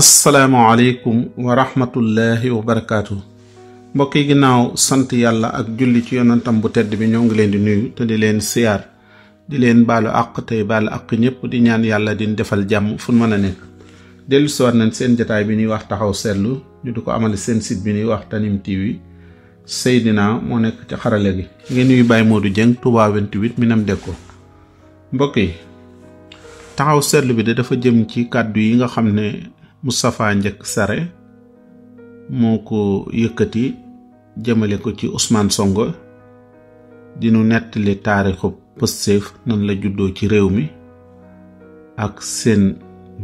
asalaamualeykum wa rahmatullahi wa barakaatu. mbokk yi ginnaaw sant yàlla ak julli ci yonantam bu tedd bi ñoo ngi leen di nuyu te di leen siyaar di leen baalu àq tey baalu àq ñëpp di ñaan yàlla di defal jàmm fu mën a nekk. dellu siwaat nañ seen jataay bi ñuy wax taxaw seetlu ñu di ko amal seen sit bi ñuy wax Tanime TV Seydina moo nekk ci xarale gi. ngeen nuyu Baye moo du Touba 28 Minam Dekko mbokk yi taxaw seetlu bi dafa jëm ci kàddu yi nga xam ne. Moustapha Njëkk Sare moo ko yëkkati jëmale ko ci Ousmane Sonko dinu nettali taarixu Pastef nan la juddoo ci réew mi ak seen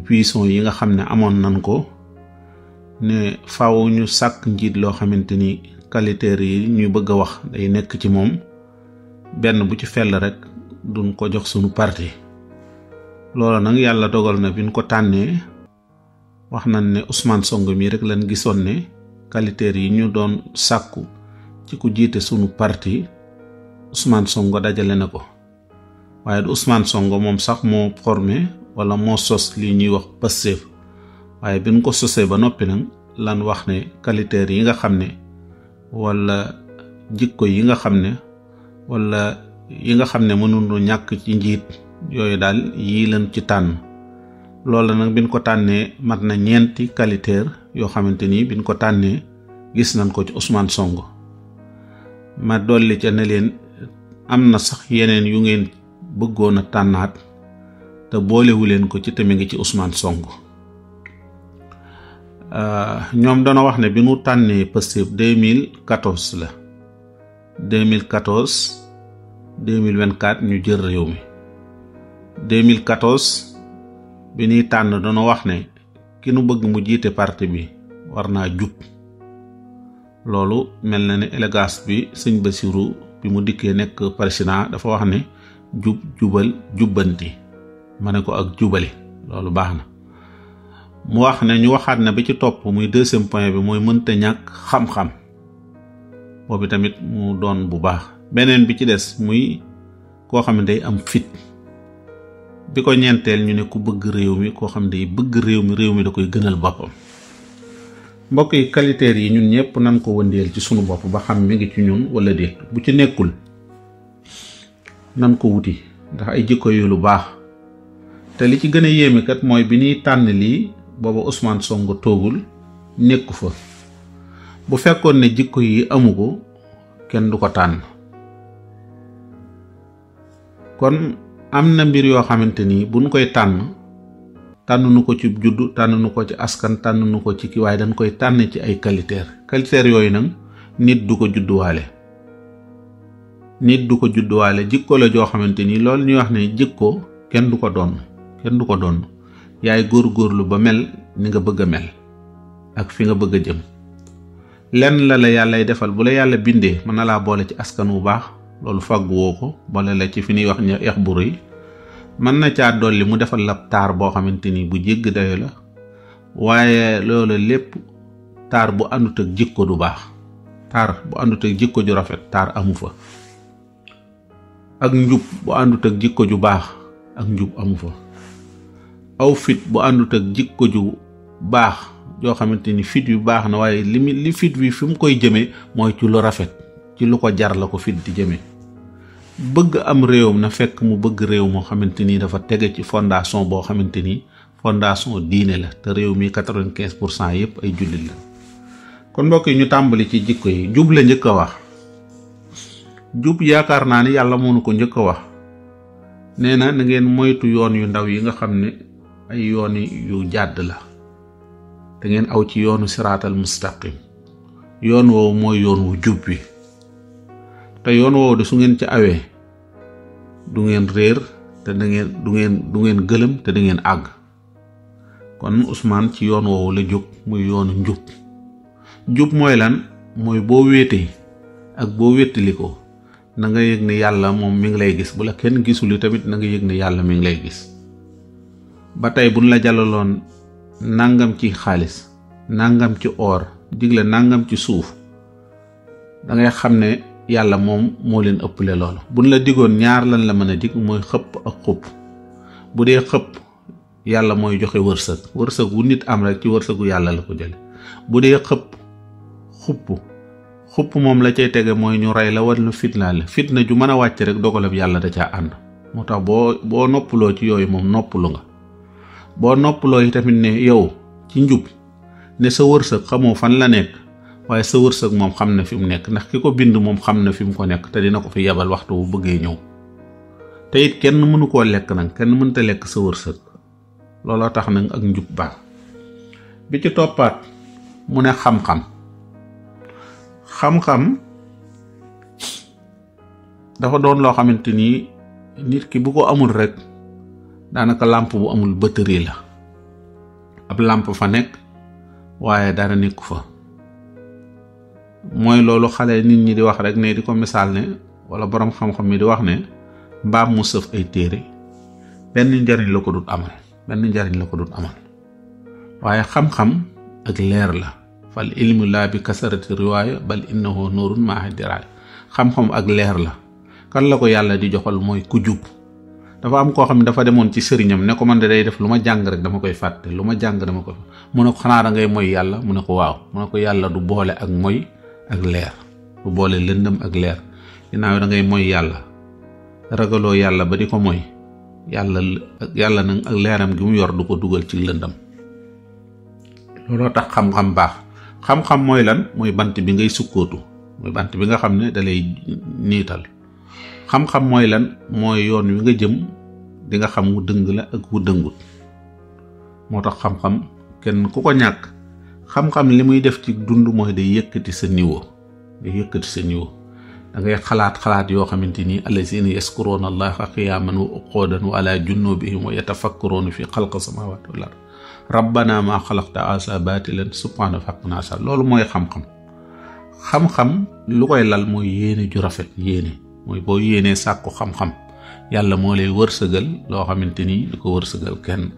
vision yi nga xam ne amoon nan ko ne faaw ñu sàkk njiit loo xamante ni qualité yi ñuy bëgg a wax day nekk ci moom benn bu ci fel rekk duñ ko jox sunu parti loolu nag yàlla dogal na biñ ko tànnee wax nañ ne usmaan Sonko mii rek lan gisoon ne qualité yi ñu doon sàkku ci ku jiite sunu parti Ousmane Sonko dajale na ko waaye du Ousmane Sonko moom sax moo formé wala moo sos li ñuy wax Pastef waaye bi ñu ko sosee ba noppi nag lan wax ne qualité yi nga xam ne wala jikko yi nga xam ne wala yi nga xam ne mënuñu ñàkk ci njiit yooyu daal yii lan ci tànn. loola nag biñ ko tànnee mat na ñeenti qualité yoo xamante ni biñ ko tànnee gis nañ ko ci Ousmane Sonko ma dolli ca ne leen am na sax yeneen yu ngeen bëggoon a tànnaat te boolewu leen ko ci tamit ngi ci Ousmane Sonko euh, ñoom dana wax ne bi nu tànnee Pastef 2014 la 2014 2024 ñu jël réew mi bi ñuy tànn dañoo wax ne ki nu bëgg mu jiite parti bi war naa jub loolu mel na ne élégance bi sëñ Basiru bi mu dikkee nekk naa dafa wax ne jub jubal jubbanti ma ne ko ak jubali loolu baax na mu wax ne ñu waxaat na bi ci topp muy deuxième point bi mooy mënta ñàkk xam-xam boobu tamit mu doon bu baax beneen bi ci des muy koo xam ne day am fit bi ko ñeenteel ñu ne ku bëgg réew mi koo xam ne day bëgg réew mi réew mi da koy gënal boppam mbokk yi critères yi ñun ñëpp nan ko wëndeel ci sunu bopp ba xam mi ngi ci ñun wala de bu ci nekkul nan ko wuti ndax ay jikko yu lu baax te li ci gën a yéeme mooy bi ñuy tànn lii booba Ousmane song toogul nekku fa bu fekkoon ne jikko yi amuko kenn du ko tànn kon am na mbir yoo xamante ni buñ koy tànn tànn nu ko ci juddu tànn ko ci askan tànn ko ci ki waaye dañ koy tànn ci ay qualité qualité yooyu nag nit du ko judduwaale nit du ko judduwaale jikko la joo xamante ni lool ñuy wax ne ko kenn du ko doon kenn du ko doon yaay góor góorlu ba mel ni nga bëgg a mel ak fi nga bëgg a jëm lenn la la yàllay defal bu la yàlla bindee mën na laa boole ci askan wu baax loolu fàggu woo ko boole la ci fi ñuy wax ña eex bu rëy mën na caa dolli mu defal la taar boo xamante ni bu jégg dayo la waaye loolu lépp taar bu àndut ak jikko ju baax taar bu àndut ak ju rafet taar amu fa ak njub bu àndut ak jikko ju baax ak njub amu fa aw fit bu àndut ak jikko ju baax joo xamante ni fit yu baax na waaye li li fit wi fi mu koy jëmee mooy ci lu rafet ci lu ko jar la ko fit di jëmee bëgg am réew réewam na fekk mu bëgg réew moo xamante ni dafa tege ci fondation boo xamante ni fondation diine la te réew mi quatre quinze pour cent yépp ay jullit la kon mbokk yi ñu tàmbali ci jikko yi jub la njëkk a wax jub yaakaar naa ni yàlla moo ko njëkk a wax nee na na ngeen moytu yoon yu ndaw yi nga xam ne ay yoon yu jàdd la da ngeen aw ci yoonu seraatal mustaqim yoon woowu mooy yoon wu jub wi te yoon woowu de su ngeen ca awee du ngeen réer te da ngeen du ngeen du ngeen gëlëm te di ngeen àgg kon usmaan ci yoon woowu la jóg muy yoonu njub njub mooy lan mooy boo wéetee ak boo wéttali ko na nga yëg ne yàlla moom mi ngi lay gis bu la kenn gisul tamit na nga yëg ne yàlla mi ngi lay gis ba tey buñ la jalaloon nangam ci xaalis nangam ci or digle nangam ci suuf dangay xam ne yàlla moom moo leen ëpple loolu buñ la digoon ñaar lan la mën a dig mooy xëpp ak xupp bu dee xëpp yàlla mooy joxe wërsëg wërsëg wu nit am rek ci wërsëgu yàlla la ko jële bu dee xëpp xupp xupp moom la cay tege mooy ñu rey la war na fitnaale fitna ju mën a wàcc rek dogalab yàlla da caa ànd moo tax boo boo noppaloo ci yooyu moom noppalu nga boo noppaloo yi tamit ne yow ci njub ne sa wërsëg xamoo fan la nekk waaye sa wërsëg moom xam na fi mu nekk ndax ki ko bind moom xam na fi mu ko nekk te dina ko fi yebal waxtu bu bëggee ñëw te kenn mënu koo lekk nag kenn mënta lekk sa wërsëg looloo tax nag ak njub baax bi ci toppaat mu ne xam-xam dafa doon loo xamante ni nit ki bu ko amul rek daanaka làmp bu amul batterie la ab làmp fa nekk waaye dara nekku fa mooy loolu xale nit ñi di wax rek ne di ko misaal ne wala boroom xam-xam mi di wax ne mbaam mu sëf ay téere benn njariñ la ko dut amal benn njariñ la ko du amal waaye xam-xam ak leer la fal ilmu bi kasarati riwaaya bal innahu nuurun maaxi ak leer la kan la ko yàlla di joxal mooy ku jub dafa am koo xam ne dafa demoon ci sëriñam ne ko man de day def lu ma jàng rek dama koy fàtte lu ma jàng dama koy mu ne ko xanaa da moy yàlla mu ne ko waaw mu ne ko yàlla du boole ak moy ak leer bu boole lëndëm ak leer ginnaaw da ngay moy yàlla ragaloo yàlla ba di ko moy yàlla yàlla nag ak leeram gi mu yor du ko dugal ci lëndëm looloo tax xam-xam baax xam-xam mooy lan mooy bant bi ngay sukkootu mooy bant bi nga xam ne dalay niital xam-xam mooy lan mooy yoon wi nga jëm di nga xam wu dëng la ak wu dëngut moo tax xam-xam kenn ku ko ñàkk xam-xam li muy def ci dund mooy day yëkkati sa niveau day sa niveau da ngay xalaat-xalaat yoo xamante ni allazina yaskuruuna allaha qiyaaman wa uqoodan wa bi junubihim wa yatafakkaruuna fi xalqi samaawaati wal ard rabbana maa xalaqta asa baatilan subhaana faqna asa loolu mooy xam-xam xam-xam lu koy lal mooy yéene ju rafet yéene mooy boo yéenee sàkku xam-xam yàlla moo lay wërsëgal loo xamante ni du ko wërsëgal kenn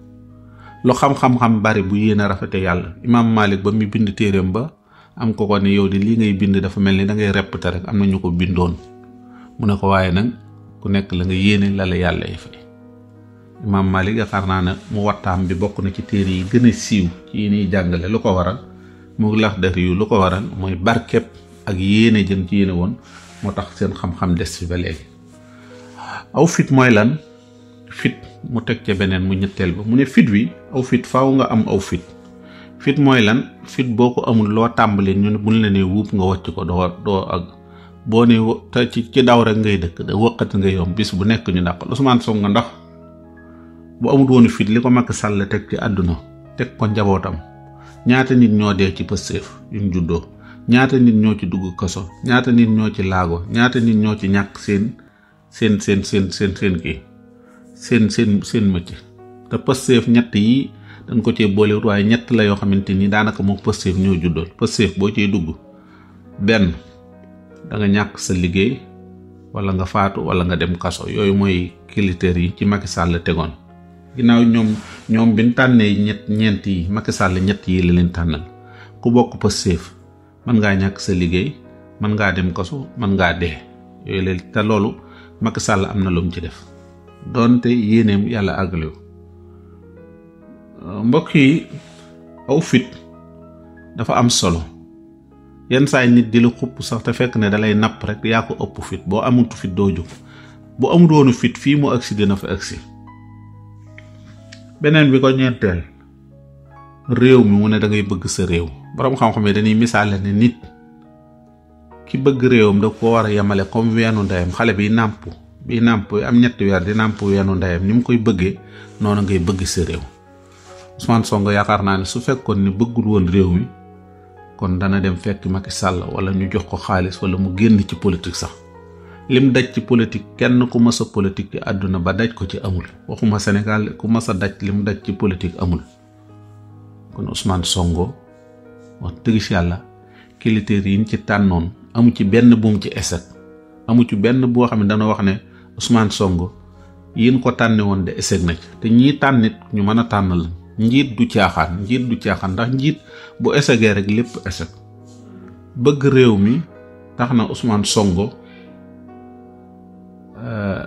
lu xam-xam-xam bari bu yéen a rafete yàlla imaam Malik ba mu bind téeréem ba am ko ko ne yow di lii ngay bind dafa mel ni da ngay reppte rek am na ñu ko bindoon mu ne ko waaye nag ku nekk la nga yéene la la yàlla yi fay imaam Malik yaakaar naa ne mu wattaam bi bokk na ci téer yi gën a siiw ci yi ñuy jàngale lu ko waral mu lax def yu lu ko waral mooy barkeb ak yéene jën ci yéene woon moo tax seen xam-xam des fi ba léegi aw fit mooy lan fit mu teg ca beneen mu ñetteel ba mu ne fit wi aw fit faw nga am aw fit fit mooy lan fit boo ko amul loo tàmbali ñu ne buñ la nee wuub nga wàcc ko doo doo àgg boo ne te ci ci daw rek ngay dëkk da wëqat nga yomb bis bu nekk ñu dàq Ousmane Sonko ndax bu amut woon fit li ko Macky Sall teg ci àdduna teg ko njabootam ñaata nit ñoo dee ci Pastef yuñ juddoo ñaata nit ñoo ci dugg kaso ñaata nit ñoo ci laago ñaata nit ñoo ci ñàkk seen seen seen seen seen seen seen seen seen métier te Pastef ñett yi dañ ko cee boolewut waaye ñett la yoo xamante nii daanaka moom Pastef ñoo juddoon Pastef boo cee dugg benn danga ñàkk sa liggéey wala nga faatu wala nga dem kaso yooyu mooy critères yi ci Macky Sall tegoon ginnaaw ñoom ñoom bi ñu tànnee ñett ñeenti yi Macky ñett yi la leen tànnal ku bokk Pastef mën ngaa ñàkk sa liggéey mën ngaa dem kaso man ngaa dee yooyu leen te loolu Macky am na lu ci def donte yéeneem yàlla àggalewu mbokk yi aw fit dafa am solo yenn saay nit di la xupp sax te fekk ne dalay napp rek yaa ko ëpp fit boo amut fit doo jóg bu amut woonu fit fii mu agsi dina fa agsi beneen bi ko ñeenteel réew mi mu ne dangay bëgg sa réew boroom xam-xam yi dañuy misaale ne nit ki bëgg réewam da ko war a yemale comme weenu ndeyam xale bi nàmpu bi nàmp am ñetti weer di nàmp weenu ndeyam ni mu koy bëggee noonu ngay bëgg sa réew Ousmane Sonko yaakaar naa ne su fekkoon ni bëggul woon réew mi kon dana dem fekk Macky Sall wala ñu jox ko xaalis wala mu génn ci politique sax lim daj ci politique kenn ku mas a politique ci àdduna ba daj ko ci amul waxuma Sénégal ku mas a daj lim daj ci politique amul kon Ousmane songo wax dëgg si yàlla critères yi ñu ci tànnoon amu ci benn buum ci échec amu ci benn boo xam ne dana wax ne. Ousmane songo yéen ko tànne woon de échec na ci te ñii tànnit ñu mën a tànn la njiit du caaxaan njiit du caaxaan ndax njiit bu échecgee rek lépp échec bëgg réew mi tax na Ousmane Sonko euh,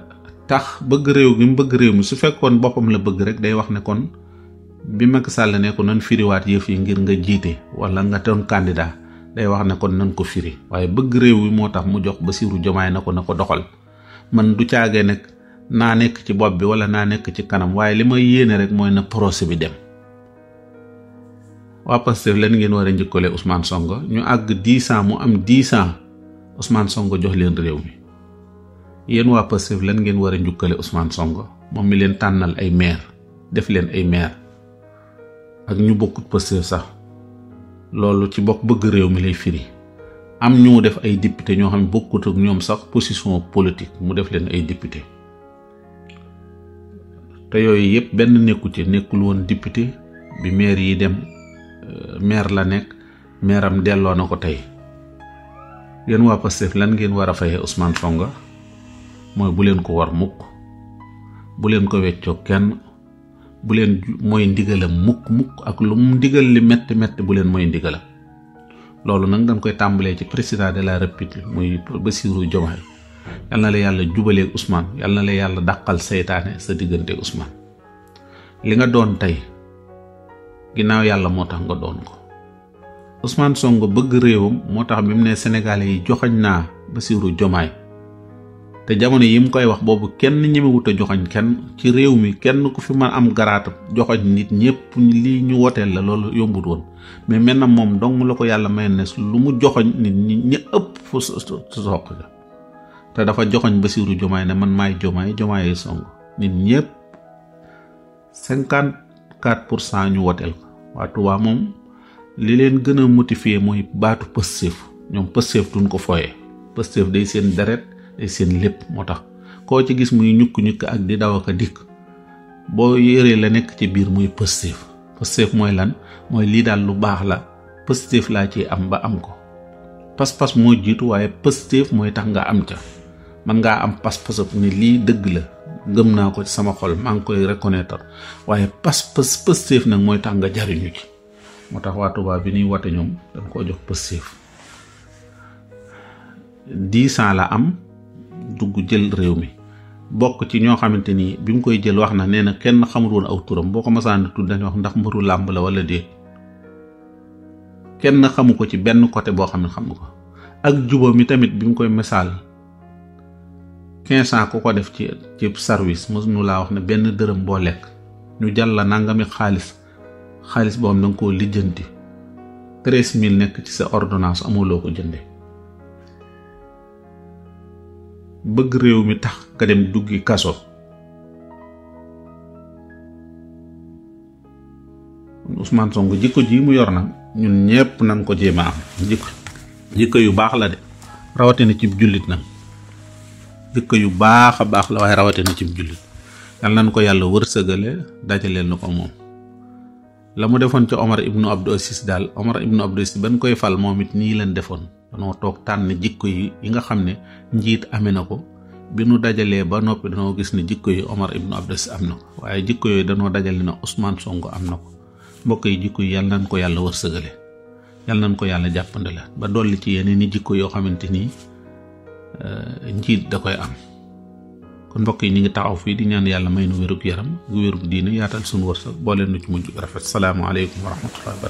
tax bëgg réew gi mu bëgg réew mi su fekkoon boppam la bëgg rek day wax ne kon bi Macky Sall ne ko nan firiwaat yëf yi ngir nga jiite wala nga doon candidat day wax ne kon nan ko firi waaye bëgg réew wi moo tax mu jox Bassirou Diomaye na ko na ko doxal man du caagee nag naa nekk ci bopp bi wala naa nekk ci kanam waaye li may yéene rek mooy na procès bi dem waa Pastef leen ngeen war a njëkkale Ousmane Sonko ñu àgg dix ans mu am dix ans Ousmane Sonko jox leen réew mi yéen waa Pastef lan ngeen war a njukkale usmaan songo moom mi leen tànnal ay maire def leen ay maire ak ñu bokkut Pastef sax loolu ci bokk bëgg réew mi lay firi am ñu def ay député ñoo xam ne bokkut ak ñoom sax position politique mu def leen ay député te yooyu yëpp benn nekku ci nekkul woon député bi maire yi dem euh, maire la nekk maire am delloo na ko tey yéen waa Pastef lan ngeen war a fayee Ousmane Sonko mooy bu leen ko war mukk bu leen ko weccoo kenn bu leen mooy ndigalam mukk mukk ak lu mu ndigal li mett metti bu leen mooy ndigalam loolu nag dañ koy tàmbalee ci président de la république muy Bassirou Diomaye yal na la yàlla jubalee Ousmane yal na la yàlla dàqal seytaane sa diggante Ousmane li nga doon tey ginnaaw yàlla moo tax nga doon ko usmaan Sonko bëgg réewam moo tax bi mu ne Sénégalais yi joxañ naa Bassirou Diomaye te jamono yi mu koy wax boobu kenn ñemewut a joxoñ kenn ci réew mi kenn ku fi mën am garaata joxoñ nit ñëpp lii ñu woteel la loolu yombut woon mais maintenant moom dong la ko yàlla may ne lu mu joxoñ nit ñi ñi ëpp fu soq ga te dafa joxoñ Basiiru Jomaay ne man may Jomaay Jomaayee song nit ñëpp cinquante quatre pour cent ñu woteel ko waa moom li leen gën a motiver mooy baatu Pastef ñoom Pastef duñ ko fooyee Pastef day seen deret seen lépp moo tax koo ci gis muy ñukk ñukk ak di daw ak a dikk boo yéree la nekk ci biir muy positif positif mooy lan mooy lii daal lu baax la positif laa ci am ba am ko pas-pas moo jiitu waaye positif mooy tax nga am ca man ngaa am pas-pas ni lii dëgg la gëm naa ko ci sama xol maa ngi koy reconnaître waaye pas-pas positif nag mooy tax nga jariñu ci moo tax waa Tuubaa bi ñuy wate ñoom dañ koo jox positif dix la am dugg jël réew mi bokk ci ñoo xamante ni bi mu koy jël wax na nee na kenn xamul woon aw turam boo ko masaan tudd dañu wax ndax mbëru làmb la walla déet kenn xamu ko ci benn côté boo xam ne xam ko ak juba mi tamit bi mu koy misaal quinze cent ku ko def ci ci service mos nu laa wax na benn dërëm boo lekk ñu jàll la nangami xaalis xaalis boo xam ko lijjanti treize nekk ci sa ordonnance amuloo ko jënde bëgg réew mi tax nga dem duggi kaso Ousmane Sonko jikko ji mu yor na ñun ñëpp nan ko jéem a am jikko jikko yu baax la de rawatina cib jullit nag jikko yu baax a baax la waaye rawatina ci jullit yal nan ko yàlla wërsëgale dajaleel na ko moom la mu defoon ci Omar ibnu Abdou Aziz daal Omar ibnu Abdou Aziz ban koy fal moom it nii leen defoon danoo toog tànn jikko yi yi nga xam ne njiit amee na ko bi nu dajalee ba noppi danoo gis ne jikko yi Omar ibnu Abdas am na ko waaye jikko yooyu danoo dajale na Ousmane Sonko am na ko mbokk yi jikko yi yal nañ ko yàlla wërsëgale yal nañ ko yàlla jàppande la ba dolli ci yeneen i jikko yoo xamante ni euh, njiit da koy am kon mbokk yi ñu ngi taxaw fii di ñaan yàlla may nu wérug yaram gu wérug diine yaatal suñu wërsëg boole lu ci mujj rafet salaamu aleykum wa rahmatullahi